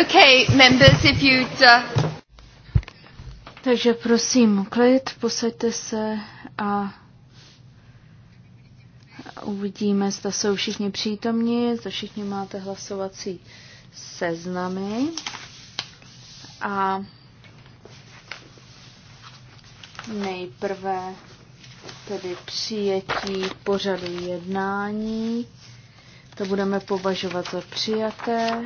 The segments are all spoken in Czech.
Okay, members, if you'd, uh... Takže prosím, klid, posaďte se a uvidíme, zda jsou všichni přítomní, zda všichni máte hlasovací seznamy. A nejprve tedy přijetí pořadu jednání. To budeme považovat za přijaté.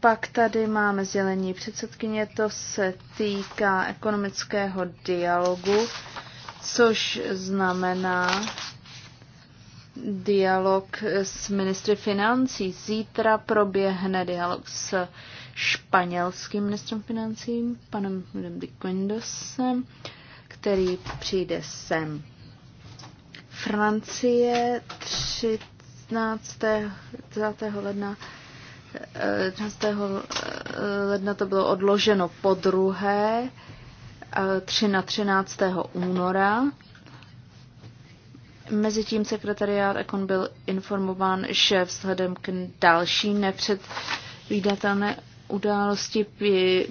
Pak tady máme sdělení předsedkyně, to se týká ekonomického dialogu, což znamená dialog s ministry financí. Zítra proběhne dialog s španělským ministrem financí, panem de Quindosem, který přijde sem. Francie 13. 20. ledna 13. Eh, ledna to bylo odloženo po druhé, 3 eh, na 13. února. Mezitím sekretariát Ekon byl informován, že vzhledem k další nepředvídatelné události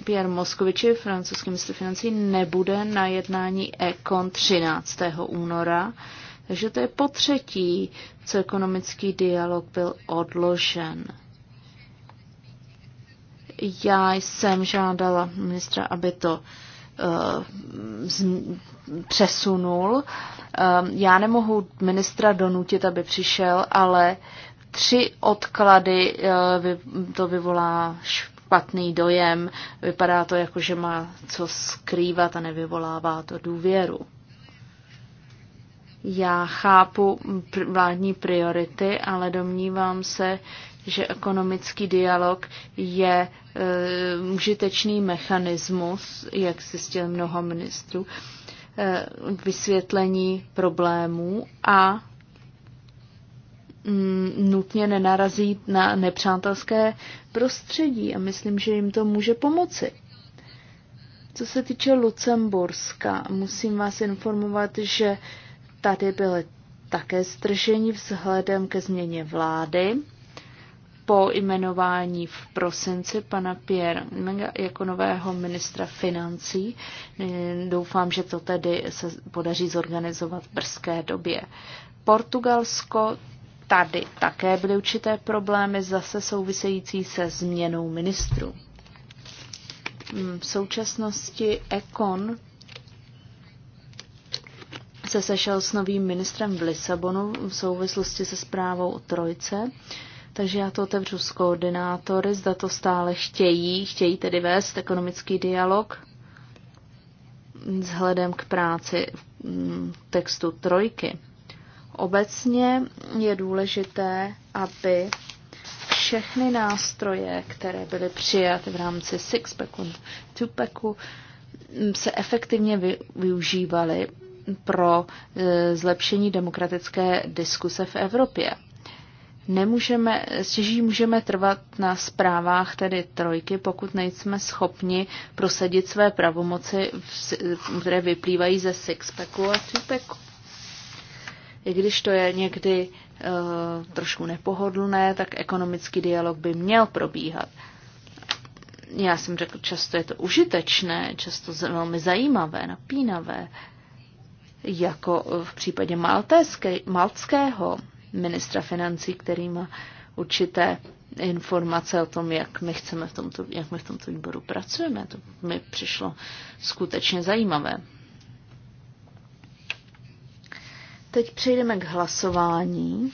Pierre Moskoviči, francouzský ministr financí, nebude na jednání Ekon 13. února. Takže to je po třetí, co ekonomický dialog byl odložen. Já jsem žádala ministra, aby to eh, přesunul. Eh, já nemohu ministra donutit, aby přišel, ale tři odklady eh, to vyvolá špatný dojem. Vypadá to jako, že má co skrývat a nevyvolává to důvěru. Já chápu vládní priority, ale domnívám se, že ekonomický dialog je e, užitečný mechanismus, jak zjistil mnoho ministrů, e, vysvětlení problémů a mm, nutně nenarazí na nepřátelské prostředí a myslím, že jim to může pomoci. Co se týče Lucemburska, musím vás informovat, že tady byly také stržení vzhledem ke změně vlády po jmenování v prosinci pana Pierre jako nového ministra financí. Doufám, že to tedy se podaří zorganizovat v brzké době. Portugalsko tady také byly určité problémy zase související se změnou ministru. Mm, v současnosti Econ se sešel s novým ministrem v Lisabonu v souvislosti se zprávou o trojce. Takže já to otevřu s koordinátory, zda to stále chtějí, chtějí tedy vést ekonomický dialog vzhledem k práci mm, textu trojky. Obecně je důležité, aby všechny nástroje, které byly přijaty v rámci Sixpacku, Tupacku, mm, se efektivně využívaly pro e, zlepšení demokratické diskuse v Evropě nemůžeme, stěží můžeme trvat na zprávách tedy trojky, pokud nejsme schopni prosadit své pravomoci, které vyplývají ze sixpacku a twopacku. I když to je někdy uh, trošku nepohodlné, tak ekonomický dialog by měl probíhat. Já jsem řekl, často je to užitečné, často velmi zajímavé, napínavé, jako v případě maltéské, maltského ministra financí, který má určité informace o tom, jak my chceme v tomto, jak my v tomto výboru pracujeme. To mi přišlo skutečně zajímavé. Teď přejdeme k hlasování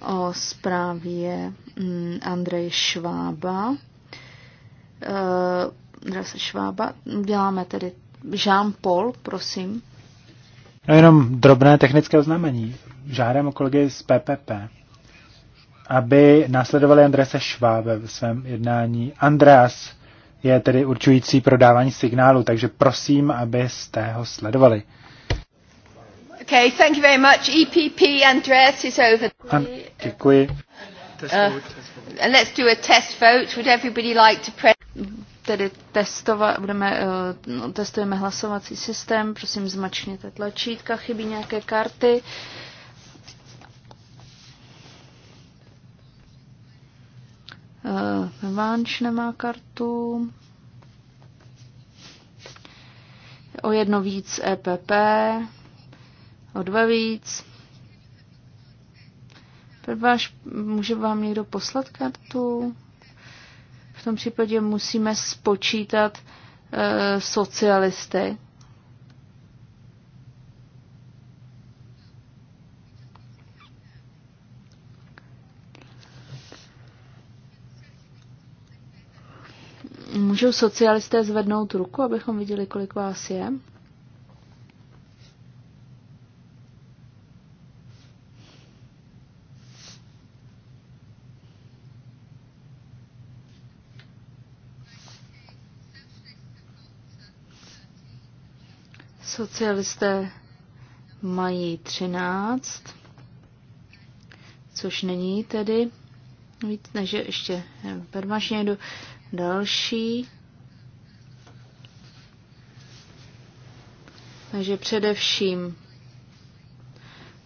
o zprávě mm, Andrej Švába. Eh, Andrej Švába. Děláme tedy Jean-Paul, prosím. Jenom drobné technické oznámení žádám kolegy z PPP, aby následovali Andrese Švábe ve svém jednání. Andreas je tedy určující pro dávání signálu, takže prosím, abyste ho sledovali. Okay, thank you very much. EPP Andreas is over. An, děkuji. Uh, and let's do a test vote. Would everybody like to press? Tedy testovat, budeme, uh, no, testujeme hlasovací systém. Prosím, zmačkněte tlačítka, chybí nějaké karty. Uh, Uh, Vánč nemá kartu. O jedno víc EPP. O dva víc. Váš, může vám někdo poslat kartu? V tom případě musíme spočítat e, socialisty. Můžou socialisté zvednout ruku, abychom viděli, kolik vás je? Socialisté mají 13, což není tedy Víc, takže ještě Permaš jdu další. Takže především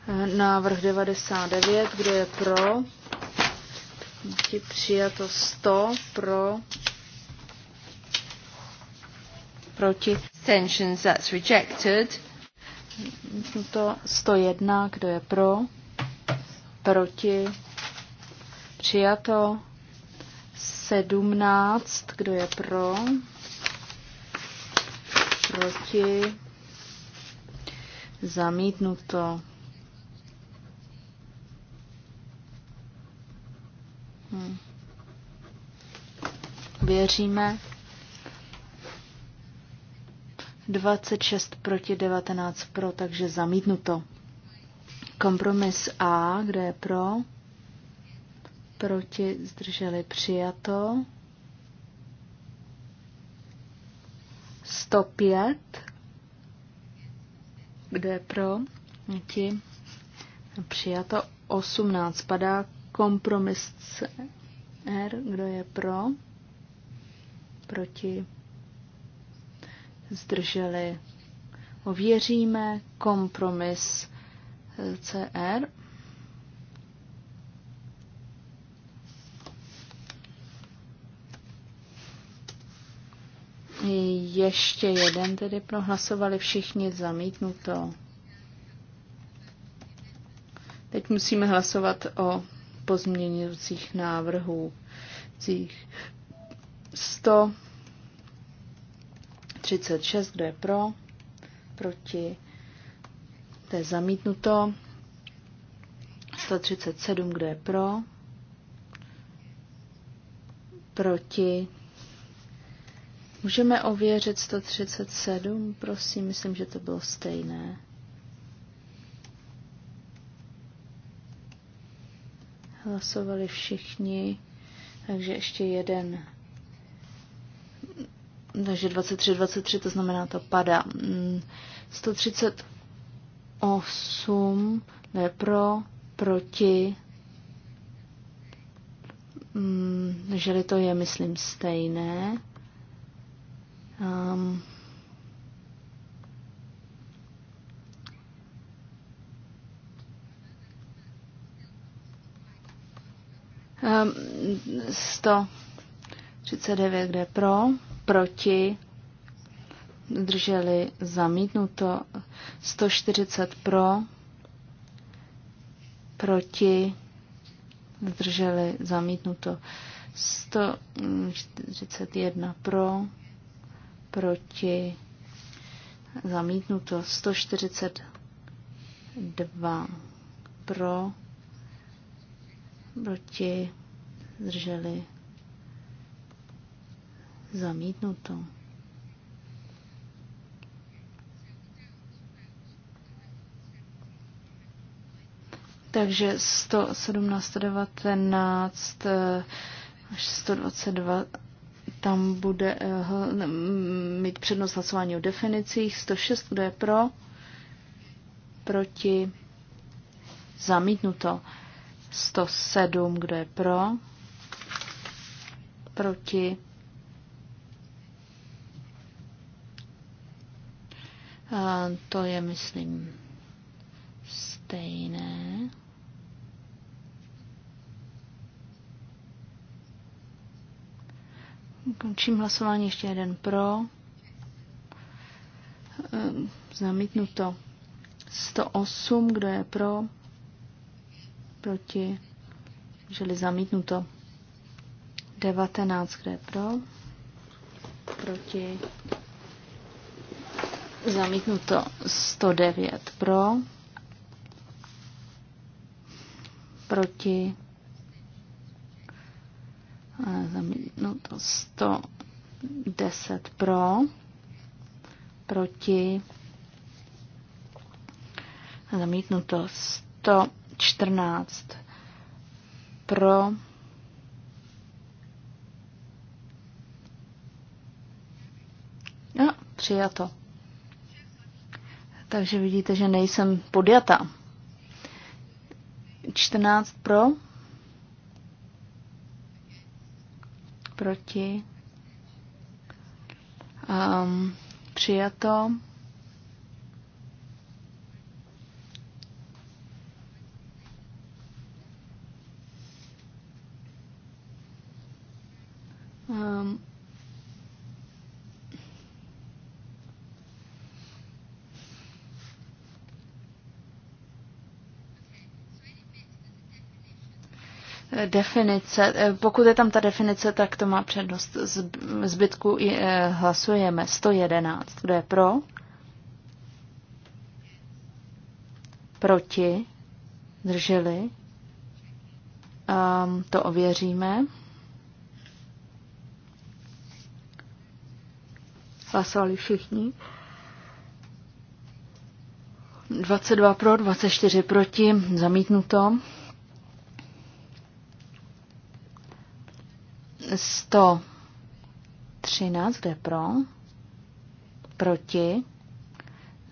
eh, návrh 99, kdo je pro, přijato 100, pro, proti. Tensions that's rejected. To 101, kdo je pro, proti Přijato 17. Kdo je pro? Proti? Zamítnuto. Hm. Věříme. 26 proti 19 pro, takže zamítnuto. Kompromis A, kde je pro? proti, zdrželi přijato. 105. Kdo je pro? Ti. Přijato 18. Padá kompromis R. Kdo je pro? Proti. Zdrželi. Ověříme kompromis CR. ještě jeden tedy prohlasovali všichni zamítnuto. Teď musíme hlasovat o pozměňujících návrhů. 136, kdo je pro, proti, to je zamítnuto. 137, kdo je pro, proti, Můžeme ověřit 137, prosím, myslím, že to bylo stejné. Hlasovali všichni, takže ještě jeden. Takže 23, 23, to znamená, to padá. 138, mm, ne pro, proti, mm, že to je, myslím, stejné. Um, um, 139, kde pro, proti, drželi zamítnuto, 140 pro, proti, drželi zamítnuto, 141 pro, proti, zamítnuto 142 pro, proti, zdrželi, zamítnuto. Takže 117, 119 až 122 tam bude uh, mít přednost hlasování o definicích. 106, kdo je pro? Proti? Zamítnuto. 107, kdo je pro? Proti? Uh, to je, myslím, stejné. Končím hlasování, ještě jeden pro. Ehm, zamítnuto. 108, kdo je pro? Proti? Želi zamítnuto. 19, kdo je pro? Proti? Zamítnuto 109 pro, proti Zamítnuto 110 pro, proti, zamítnuto 114 pro, No, přijato. Takže vidíte, že nejsem podjata. 14 pro. proti, um, přijato. definice, eh, pokud je tam ta definice, tak to má přednost. Zbytku eh, hlasujeme 111. Kdo je pro? Proti? Drželi? Um, ehm, to ověříme. Hlasovali všichni. 22 pro, 24 proti, zamítnuto. 113, kde pro, proti,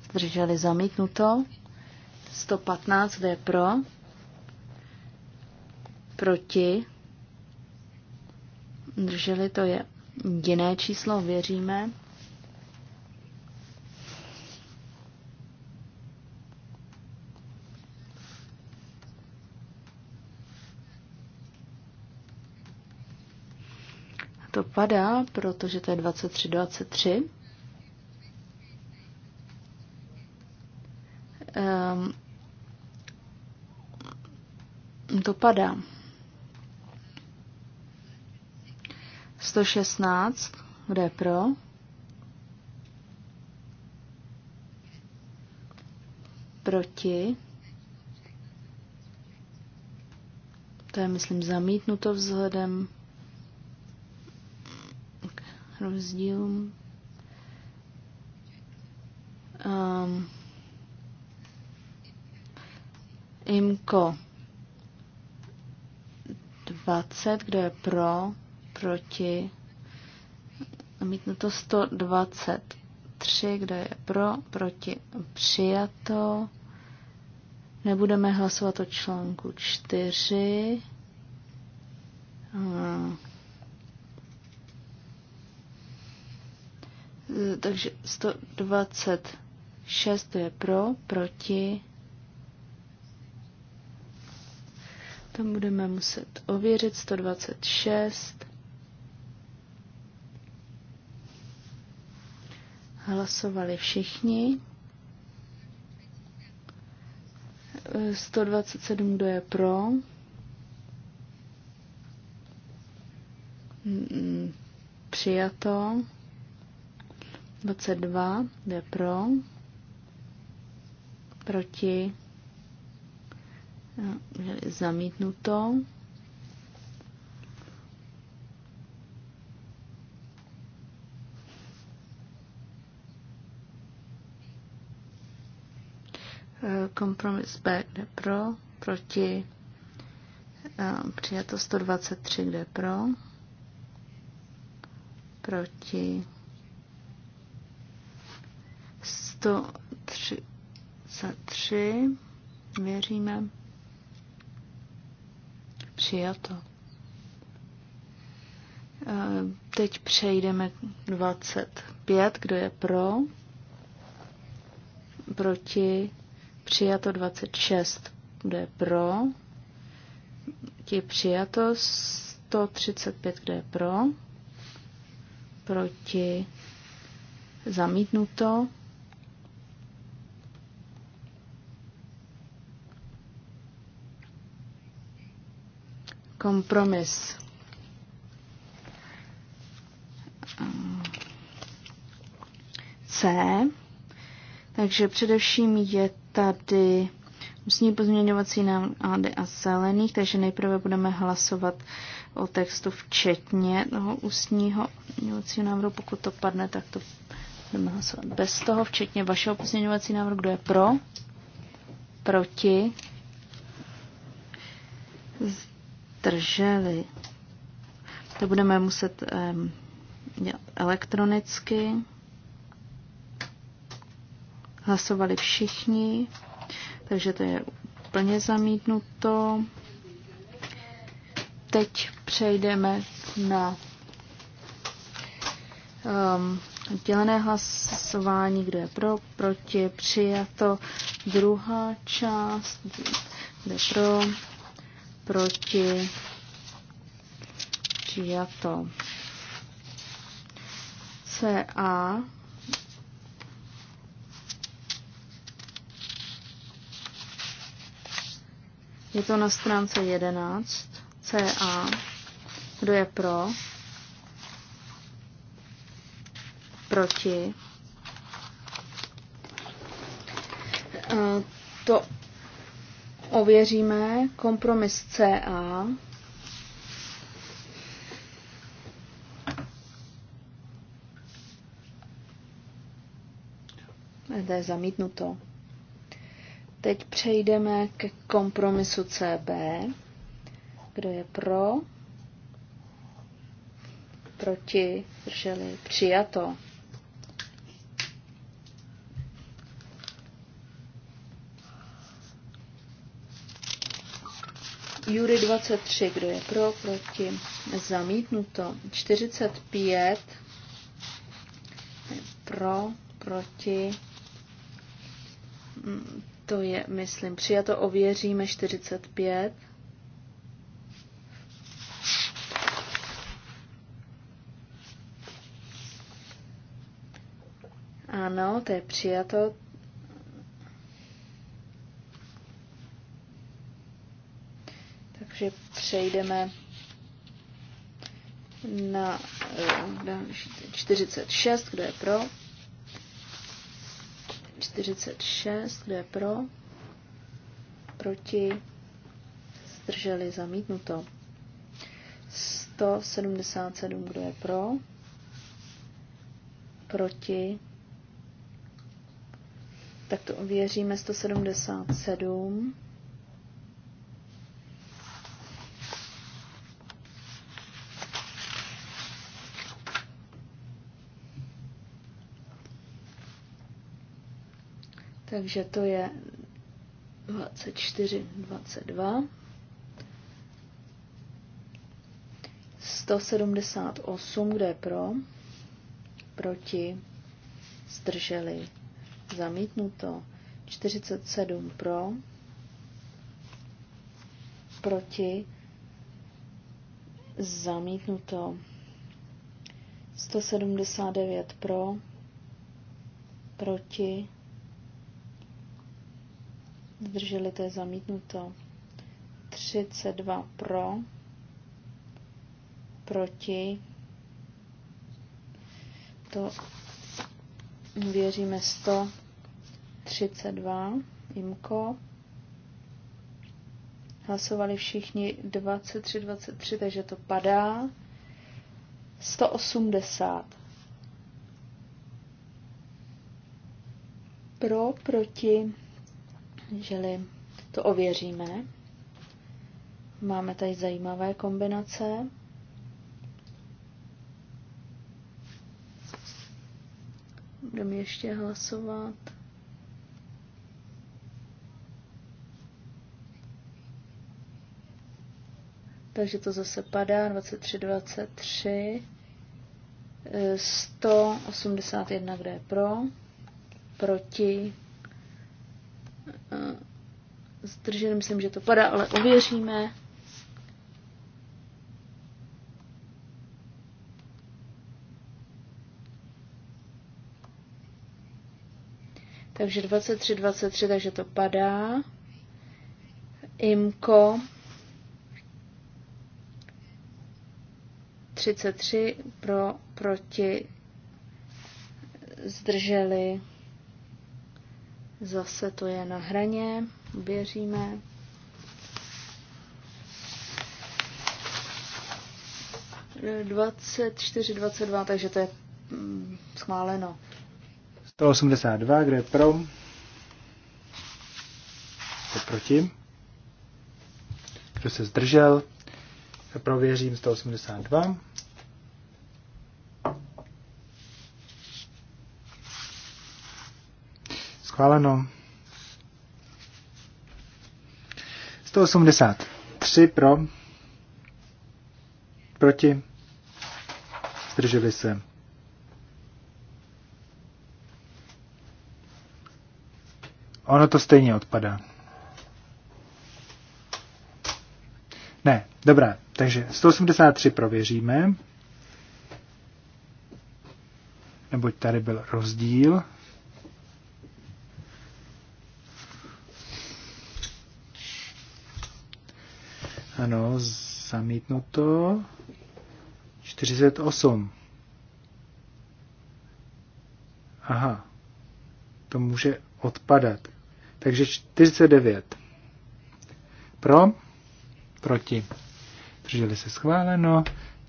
zdrželi zamítnuto, 115, kde pro, proti, drželi to je jiné číslo, věříme. To padá, protože to je 23, 23. Um, to padá. 116, kde je pro? Proti. To je, myslím, zamítnuto vzhledem rozdílům. Ehm, um, IMKO 20, kdo je pro, proti, to 123, kdo je pro, proti, přijato. Nebudeme hlasovat o článku 4. Eh, takže 126 je pro, proti. Tam budeme muset ověřit 126. Hlasovali všichni. 127, eh, kdo je pro. Mm, mm, přijato. 22 jde pro, proti, no, zamítnuto. Eh, kompromis B jde pro, proti, eh, přijato 123 jde pro, proti, 133. Věříme. Přijato. E, teď přejdeme k 25. Kdo je pro? Proti? Přijato 26. Kdo je pro? Ti přijato 135. Kdo je pro? Proti? Zamítnuto Kompromis. C. Takže především je tady ústní pozměňovací nám AD a zelených, takže nejprve budeme hlasovat o textu včetně toho ústního pozměňovacího návrhu. Pokud to padne, tak to budeme hlasovat bez toho, včetně vašeho pozměňovací návrhu. Kdo je pro? Proti? zdrželi. To budeme muset um, elektronicky. Hlasovali všichni, takže to je úplně zamítnuto. Teď přejdeme na um, Dělené hlasování, kdo je pro, proti, přijato. Druhá část, kde je pro, proti, to CA Je to na stránce 11 CA. Kdo je pro? Proti? Eh, to ověříme kompromis CA. To je zamítnuto. Teď přejdeme k kompromisu CB. Kdo je pro? Proti? Drželi? Přijato. Jury 23, kdo je pro, proti, zamítnuto. 45, pro, proti, mm, to je, myslím, přijato, ověříme 45. Ano, to je přijato. že přejdeme na 46, eh, kdo je pro. 46, kdo je pro. Proti. Zdrželi zamítnuto. 177, kdo je pro. Proti. Tak to ověříme 177. Takže to je 24, 22. 178, kde je pro, proti, zdrželi, zamítnuto, 47 pro, proti, zamítnuto, 179 pro, proti, zdrželi, to je zamítnuto. 32 pro, proti, to věříme 132, imko. Hlasovali všichni 23, 23, takže to padá. 180. Pro, proti, Čili to ověříme. Máme tady zajímavé kombinace. Budeme ještě hlasovat. Takže to zase padá 23, 23, 181, kde je pro, proti, zdrželi, myslím, že to padá, ale ověříme. Takže 23, 23, takže to padá. Imko 33 pro, proti zdrželi. Zase to je na hraně. Věříme. Dvacet dva, takže to je mm, schváleno. 182, kde je pro? Kde je proti? Kdo se zdržel? Prověřím 182. Schváleno. 183 pro, proti, zdrželi se. Ono to stejně odpadá. Ne, dobrá, takže 183 prověříme. Neboť tady byl rozdíl. Ano, zamítnuto. 48. Aha, to může odpadat. Takže 49. Pro, proti. Zdrželi se schváleno.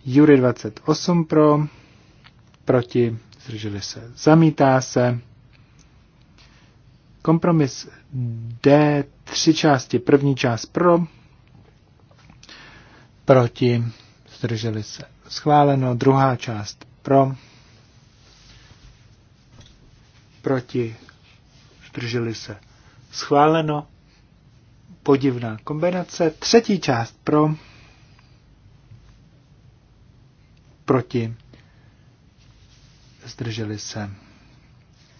Jury 28 pro, proti. Zdrželi se. Zamítá se. Kompromis D, tři části. První část pro, proti, zdrželi se. Schváleno druhá část pro, proti, zdrželi se. Schváleno podivná kombinace. Třetí část pro, proti, zdrželi se.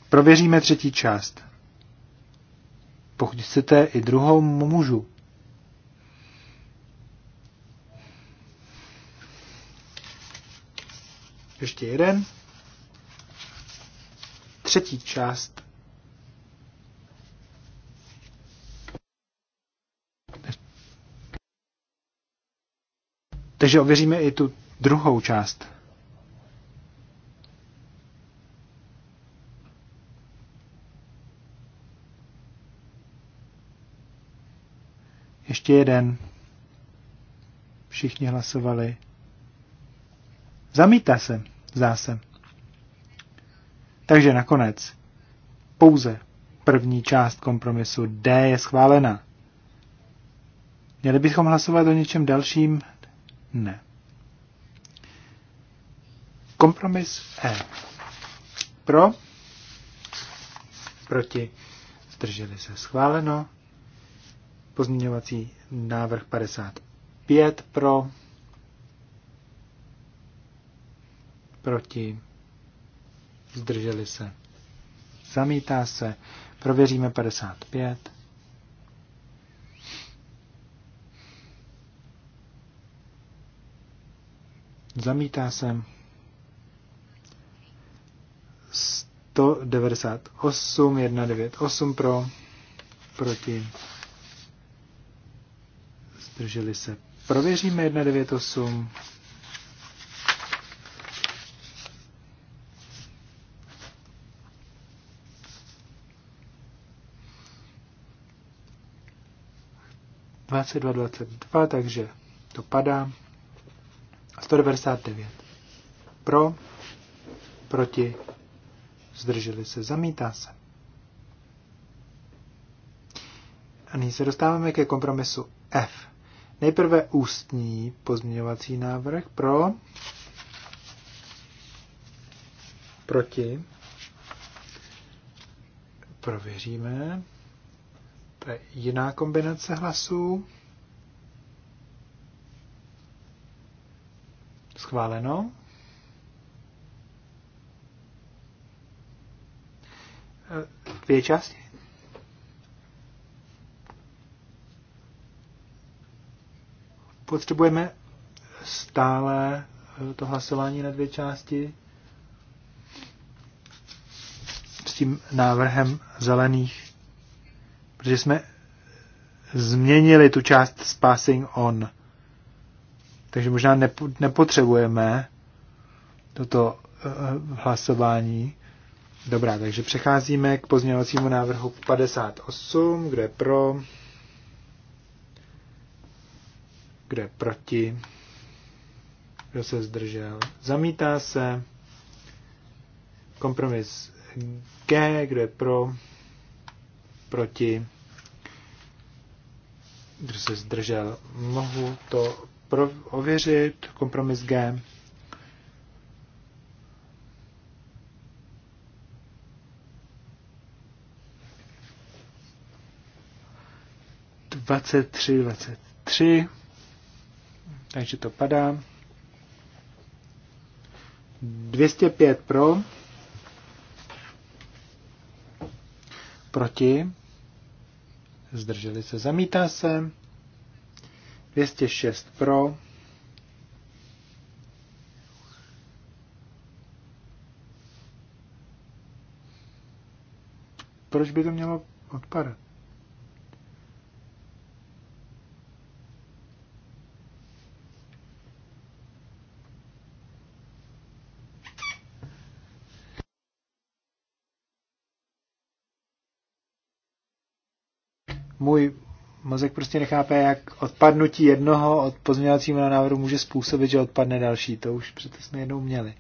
Prověříme třetí část. Pokud chcete i druhou, můžu. Ještě jeden. Třetí část. Takže ověříme i tu druhou část. Ještě jeden. Všichni hlasovali. Zamítá se zdá se. Takže nakonec pouze první část kompromisu D je schválena. Měli bychom hlasovat o něčem dalším? Ne. Kompromis E. Pro? Proti? Zdrželi se schváleno. Pozměňovací návrh 55 pro, proti, zdrželi se, zamítá se, prověříme 55. Zamítá se 198, 198 pro, proti, zdrželi se. Prověříme 198. 22.22, takže to padá. 199. Pro, proti, zdrželi se, zamítá se. A nyní se dostáváme ke kompromisu F. Nejprve ústní pozměňovací návrh pro, proti, prověříme. To je jiná kombinace hlasů. Schváleno. E, dvě části. Potřebujeme stále e, to hlasování na dvě části s tím návrhem zelených protože jsme změnili tu část s passing on. Takže možná nepotřebujeme toto eh, hlasování. Dobrá, takže přecházíme k pozměňovacímu návrhu 58, kde pro, kde proti, kdo se zdržel. Zamítá se kompromis G, kde pro, proti, kdo se zdržel? Mohu to ověřit. Kompromis G. Dvacet dvacet tři. Takže to padá. 205 pro. Proti zdrželi se, zamítá se. 206 pro, proč by to mělo odpadat? můj mozek prostě nechápe, jak odpadnutí jednoho od pozměňovacího návrhu může způsobit, že odpadne další. To už přece jsme jednou měli.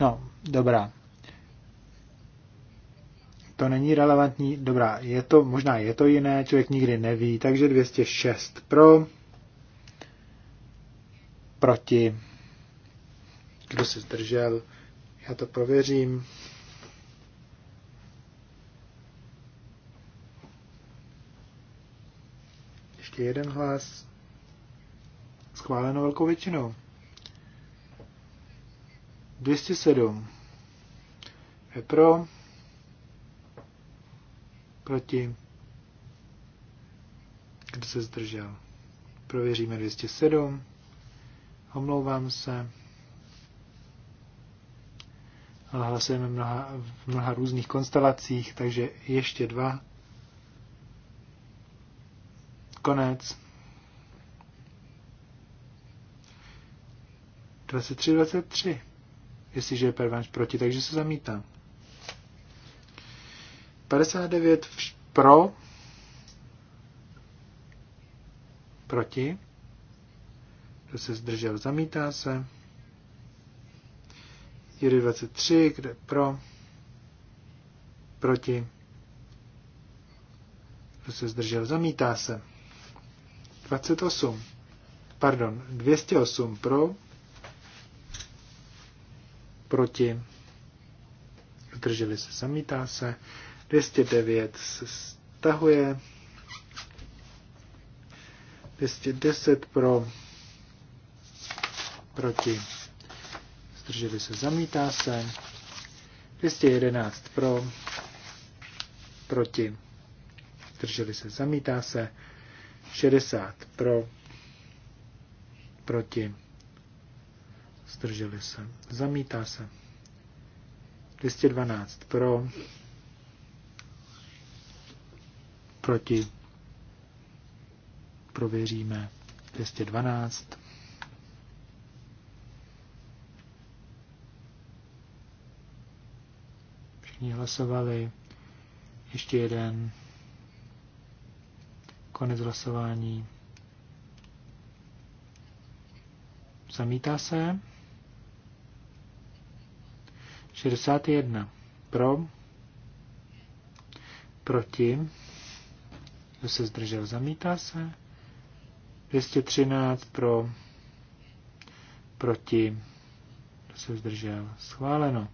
No, dobrá to není relevantní. Dobrá, je to, možná je to jiné, člověk nikdy neví, takže 206 pro, proti, kdo se zdržel, já to prověřím. Ještě jeden hlas. Schváleno velkou většinou. 207. Je pro. Proti? Kdo se zdržel? Prověříme 207. Omlouvám se. Ale hlasujeme mnoha, v mnoha různých konstelacích, takže ještě dva. Konec. 23, 23. Jestliže je pervanč proti, takže se zamítá. 59 pro, proti, kdo se zdržel, zamítá se. 23, kde pro, proti, kdo se zdržel, zamítá se. 28, pardon, 208 pro, proti, zdrželi se, zamítá se. 209 se stahuje. 210 pro, proti, zdrželi se, zamítá se. 211 pro, proti, zdrželi se, zamítá se. 60 pro, proti, zdrželi se, zamítá se. 212 pro, proti, prověříme 212. Všichni hlasovali. Ještě jeden. Konec hlasování. Zamítá se. 61. Pro. Proti. Kdo se zdržel? Zamítá se. 213 pro, proti, kdo se zdržel? Schváleno.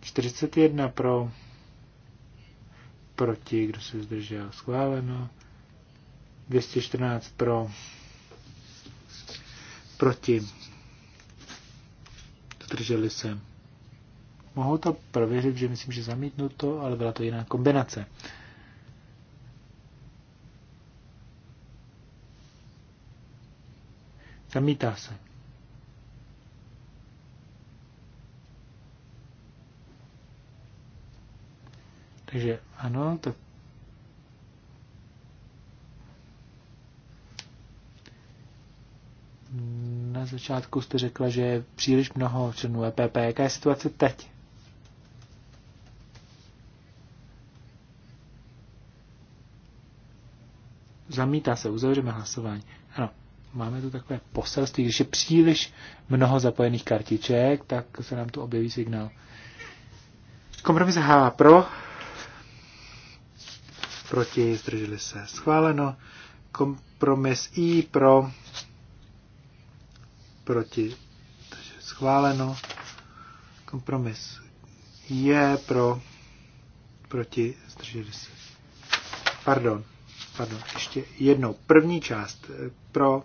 41 pro, proti, kdo se zdržel? Schváleno. 214 pro, proti, zdrželi se. Mohu to prověřit, že myslím, že zamítnu to, ale byla to jiná kombinace. Zamítá se. Takže ano, to na začátku jste řekla, že je příliš mnoho členů EPP. Jaká je situace teď? Zamítá se, uzavřeme hlasování. Ano, máme tu takové poselství, když je příliš mnoho zapojených kartiček, tak se nám tu objeví signál. Kompromis H pro, proti, zdrželi se, schváleno. Kompromis I pro, proti, schváleno. Kompromis J pro, proti, zdrželi se. Pardon, pardon, ještě jednou. První část eh, pro,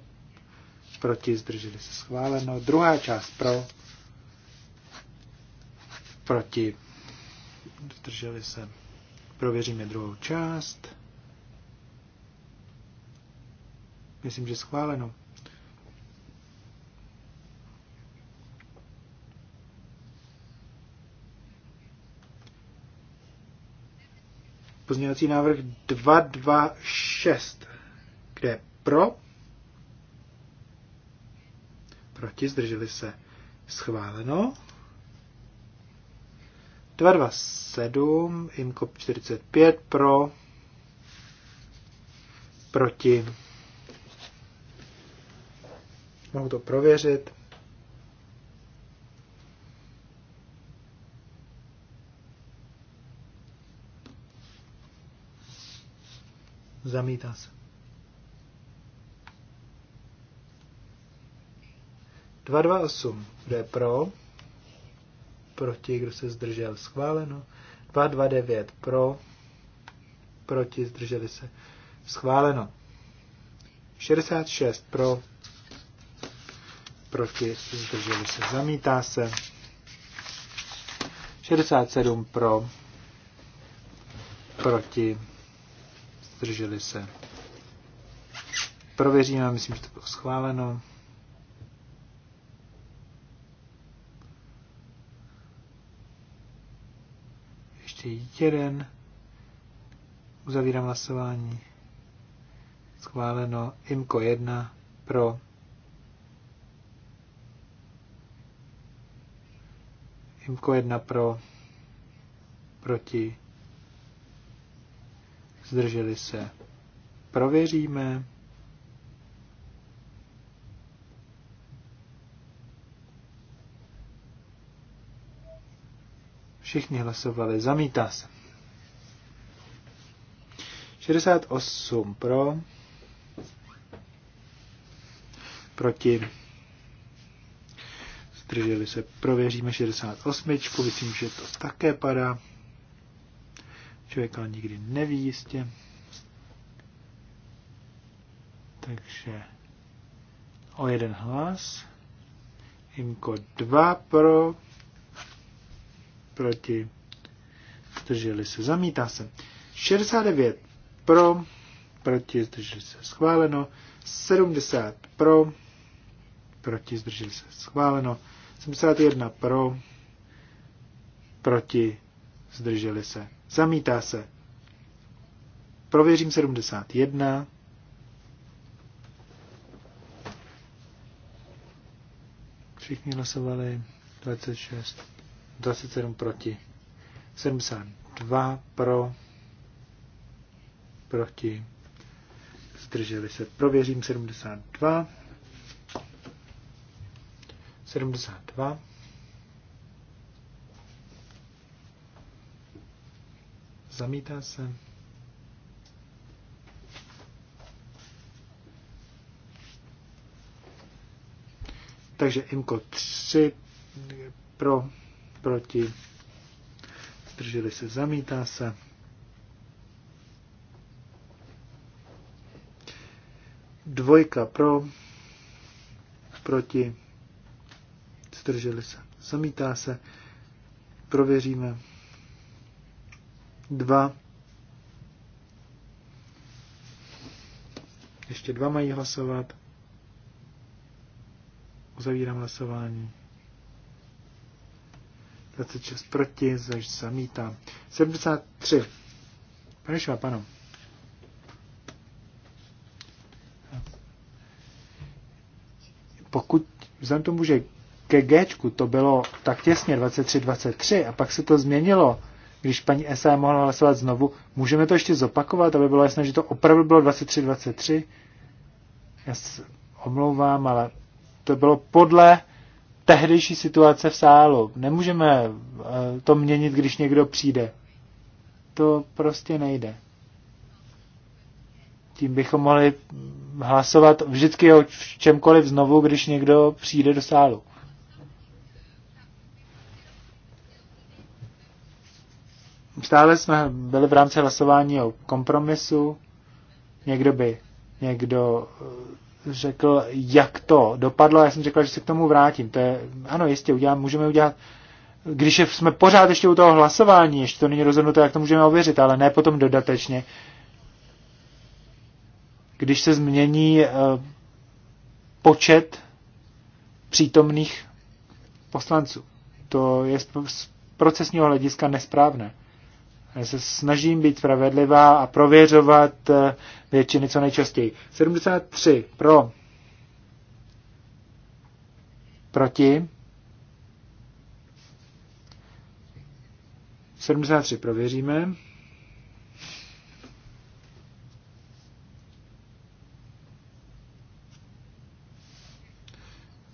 proti, zdrželi se schváleno. Druhá část pro, proti, zdrželi se. Prověříme druhou část. Myslím, že schváleno. Pozměňovací návrh 226, kde pro proti, zdrželi se schváleno. 227, Imko 45 pro, proti. Mohu to prověřit. Zamítá se. 228. Kdo je pro? Proti, kdo se zdržel? Schváleno. 229. Pro? Proti, zdrželi se? Schváleno. 66. Pro? Proti, zdrželi se? Zamítá se. 67. Pro? Proti, zdrželi se? Prověříme, myslím, že to bylo schváleno. ještě jeden. Uzavírám hlasování. Schváleno IMKO 1 pro. IMKO 1 pro. Proti. Zdrželi se. Prověříme. Všichni hlasovali. Zamítá se. 68 pro. Proti. Zdrželi se. Prověříme 68. Myslím, že to také padá. Člověk ale nikdy neví jistě. Takže o jeden hlas. Imko 2 pro proti, zdrželi se, zamítá se. 69 pro, proti, zdrželi se, schváleno. 70 pro, proti, zdrželi se, schváleno. 71 pro, proti, zdrželi se, zamítá se. Prověřím 71. Všichni hlasovali 26 27 proti, 72 pro, proti, zdrželi se. Prověřím 72. 72. Zamítá se. Takže IMCO 3 pro proti, zdrželi se, zamítá se. Dvojka pro, proti, zdrželi se, zamítá se. Prověříme. Dva. Ještě dva mají hlasovat. Uzavírám hlasování. 26 proti, zaž zamítá. 73. Pane Švapano. Pokud, vzhledem tomu, že ke G to bylo tak těsně 23-23 a pak se to změnilo, když paní SA mohla hlasovat znovu, můžeme to ještě zopakovat, aby bylo jasné, že to opravdu bylo 23-23? Já se omlouvám, ale to bylo podle tehdejší situace v sálu. Nemůžeme eh, to měnit, když někdo přijde. To prostě nejde. Tím bychom mohli hlasovat vždycky o čemkoliv znovu, když někdo přijde do sálu. Stále jsme byli v rámci hlasování o kompromisu. Někdo by, někdo eh, řekl, jak to dopadlo, já jsem řekl že se k tomu vrátím. To je, ano, jistě, udělám, můžeme udělat, když jsme pořád ještě u toho hlasování, ještě to není rozhodnuté, jak to můžeme ověřit, ale ne potom dodatečně. Když se změní eh, počet přítomných poslanců. To je z procesního hlediska nesprávné. Já se snažím být spravedlivá a prověřovat eh, většiny co nejčastěji. 73 pro. Proti. 73 prověříme.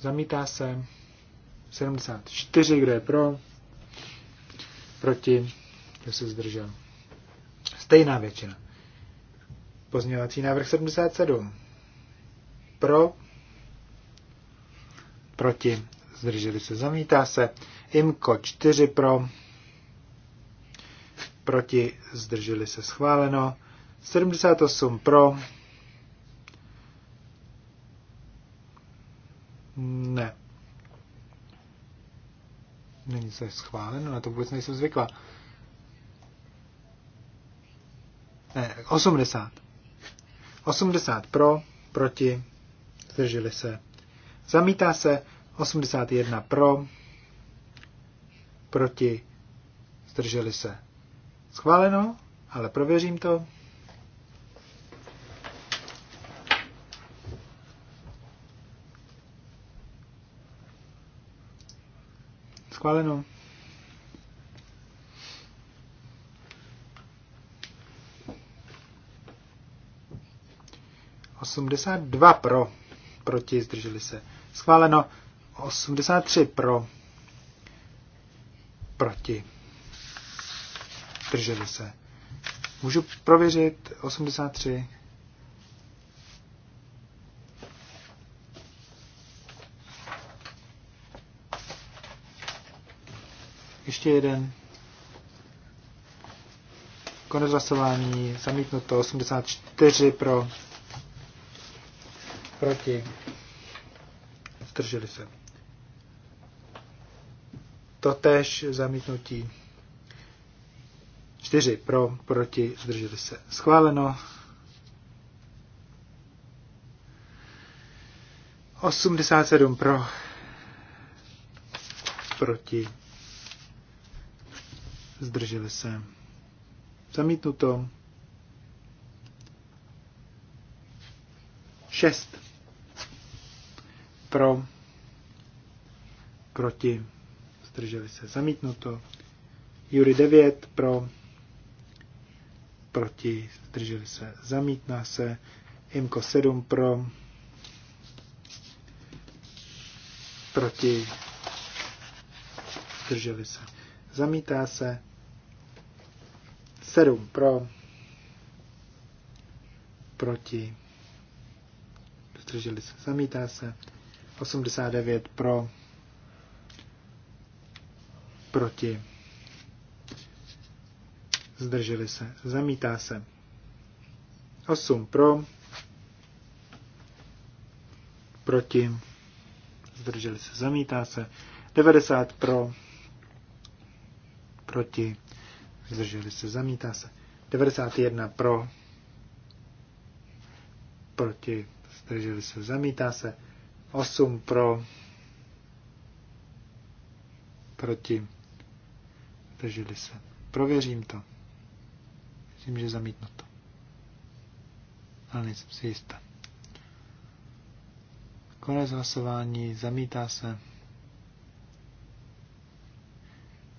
Zamítá se. 74, kdo je pro? Proti kdo se zdržel. Stejná většina. Pozměňovací návrh 77. Pro, proti, zdrželi se, zamítá se. IMKO 4 pro, proti, zdrželi se, schváleno. 78 pro, ne. Není se schváleno, na to vůbec nejsem zvyklá. Ne, 80. 80 pro, proti, zdrželi se. Zamítá se 81 pro, proti, zdrželi se. Schváleno, ale prověřím to. Schváleno. 82 pro, proti, zdrželi se. Schváleno 83 pro, proti, zdrželi se. Můžu prověřit 83. Ještě jeden. Konec hlasování. Zamítnuto 84 pro proti, zdrželi se. Totež zamítnutí 4 pro, proti, zdrželi se. Schváleno. 87 pro, proti, zdrželi se. Zamítnuto. 6 pro, proti, zdrželi se zamítnuto. Jury 9 pro, proti, zdrželi se zamítná se. Imko 7 pro, proti, zdrželi se. Zamítá se 7 pro, proti, zdrželi se, zamítá se 89 pro, proti, zdrželi se, zamítá se. 8 pro, proti, zdrželi se, zamítá se. 90 pro, proti, zdrželi se, zamítá se. 91 pro, proti, zdrželi se, zamítá se. 8 pro, proti, drželi se. Prověřím to. Myslím, že zamítnu to. Ale nejsem si jistá. Konec hlasování, zamítá se.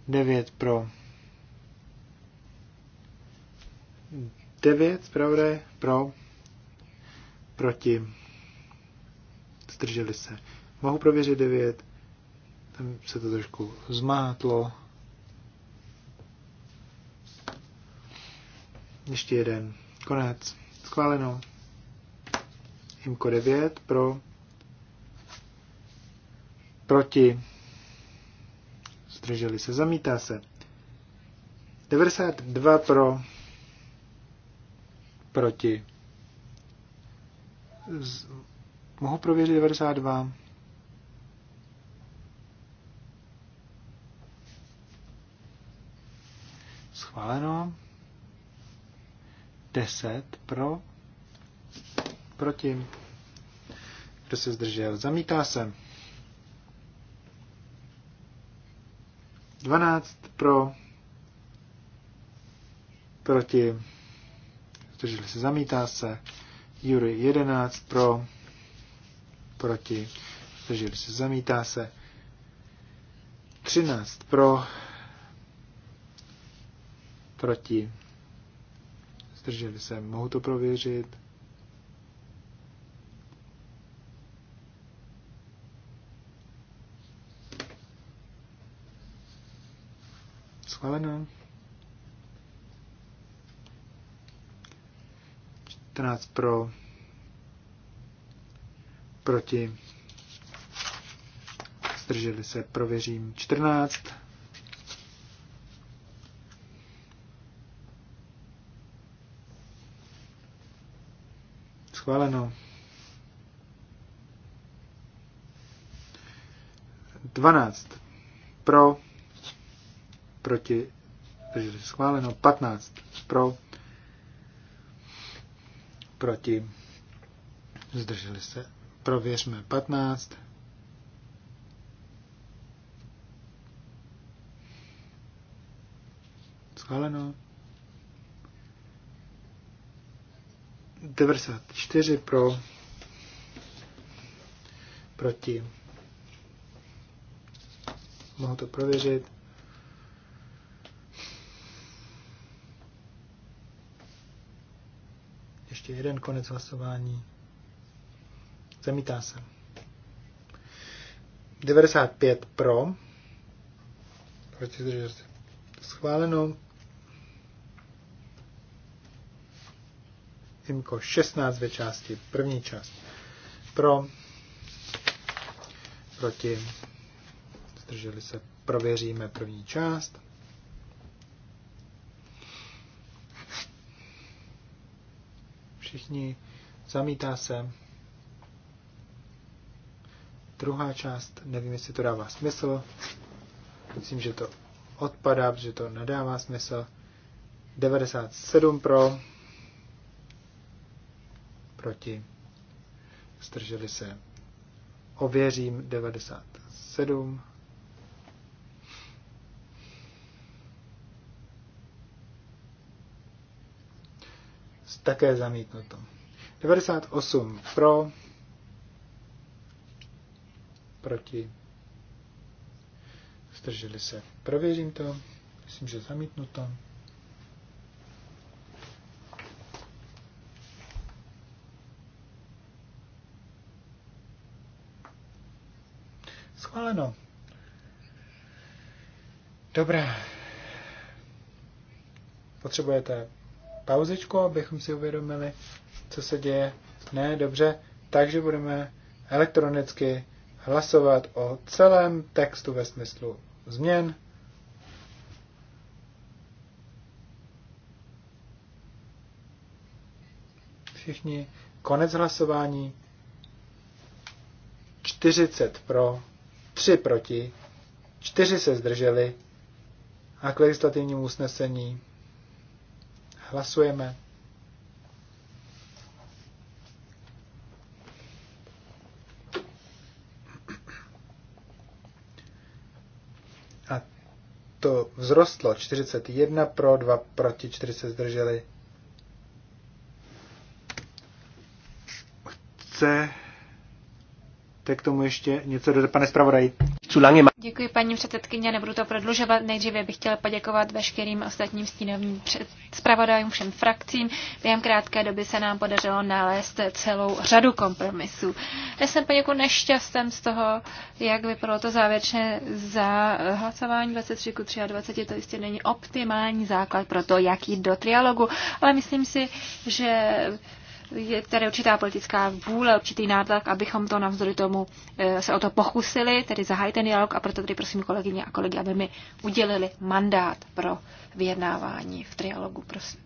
9 pro. 9 zpravodaj pro. Proti zdrželi se. Mohu prověřit 9, tam se to trošku zmátlo. Ještě jeden. Konec. Schváleno. Imko 9 pro. Proti. Zdrželi se. Zamítá se. 92 pro. Proti. Mohu prověřit 92. Schváleno. 10 pro. Proti. Kdo se zdržel? Zamítá se. 12 pro. Proti. Zdrželi se. Zamítá se. Jury 11 pro proti, takže se, zamítá se. 13 pro, proti, zdrželi se, mohu to prověřit. Schváleno. 14 pro, proti, zdrželi se, prověřím 14. Schváleno. 12. Pro, proti, zdrželi se, schváleno. 15. Pro, proti, zdrželi se, Prověřme 15. Schváleno. 94 pro, proti. Mohu to prověřit. Ještě jeden konec hlasování. Zamítá se. 95 pro. se. Schváleno. Imko 16 ve části. První část. Pro. Proti. Zdrželi se. Prověříme první část. Všichni. Zamítá se. Druhá část, nevím, jestli to dává smysl. Myslím, že to odpadá, protože to nedává smysl. 97 pro, proti, strželi se. Ověřím 97. Také zamítnuto. 98 pro, proti, zdrželi se. Prověřím to, myslím, že to. Schváleno. Dobrá. Potřebujete pauzičku, abychom si uvědomili, co se děje. Ne, dobře, takže budeme elektronicky hlasovat o celém textu ve smyslu změn. Všichni. Konec hlasování. 40 pro, 3 proti, 4 se zdrželi a k legislativnímu usnesení hlasujeme. to vzrostlo 41 pro, 2 proti, 4 se zdrželi. Chce k tomu ještě něco dodat, pane zpravodaji. Děkuji, paní předsedkyně, nebudu to prodlužovat. Nejdříve bych chtěla poděkovat veškerým ostatním stínovým zpravodajům, všem frakcím. Během krátké doby se nám podařilo nalézt celou řadu kompromisů. Já jsem poněkud nešťastem z toho, jak vypadalo to závěrečné za hlasování 23 ku 23. To jistě není optimální základ pro to, jak jít do trialogu, ale myslím si, že je tady určitá politická vůle, určitý nátlak, abychom to navzdory tomu eh, se o to pokusili, tedy zahájit ten dialog a proto tedy prosím kolegyně a kolegy, aby mi udělili mandát pro vyjednávání v trialogu, prosím.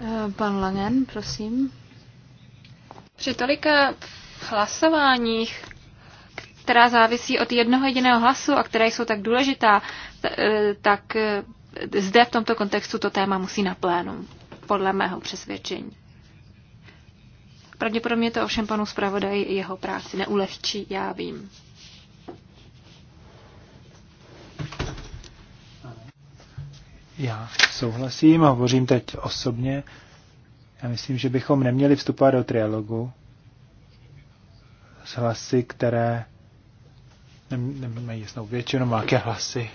Eh, pan Langen, prosím. Při tolika hlasováních, která závisí od jednoho jediného hlasu a které jsou tak důležitá, eh, tak zde v tomto kontextu to téma musí na plénum, podle mého přesvědčení. Pravděpodobně to ovšem panu zpravodaji jeho práci neulehčí, já vím. Já souhlasím a hovořím teď osobně. Já myslím, že bychom neměli vstupovat do trialogu s hlasy, které nemají jasnou většinu, má hlasy,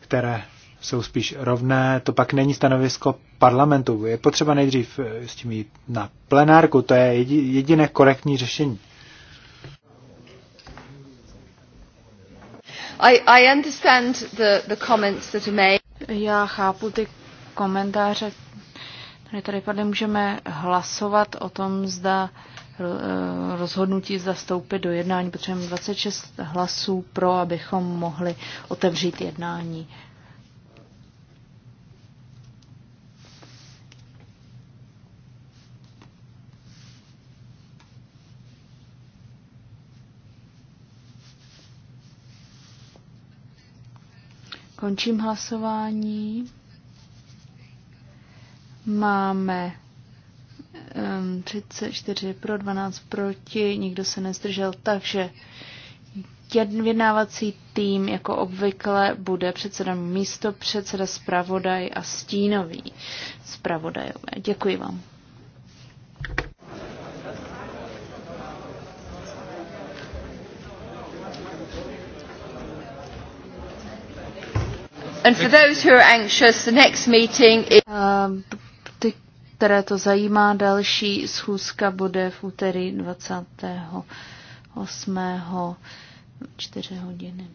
které jsou spíš rovné, to pak není stanovisko parlamentu. Je potřeba nejdřív eh, s tím jít na plenárku, to je jediné korektní řešení. I, I understand the, the comments that are made. Já chápu ty komentáře, které tady padly. Můžeme hlasovat o tom, zda eh, rozhodnutí zastoupit do jednání. Potřebujeme 26 hlasů pro, abychom mohli otevřít jednání. Končím hlasování. Máme 34 pro, 12 proti, nikdo se nezdržel, takže jednávací tým jako obvykle bude předseda místo předseda zpravodaj a stínový zpravodajové. Děkuji vám. And for those who are anxious, the next meeting is... Uh, ty, které to zajímá, další schůzka bude v úterý 28. 4 hodiny.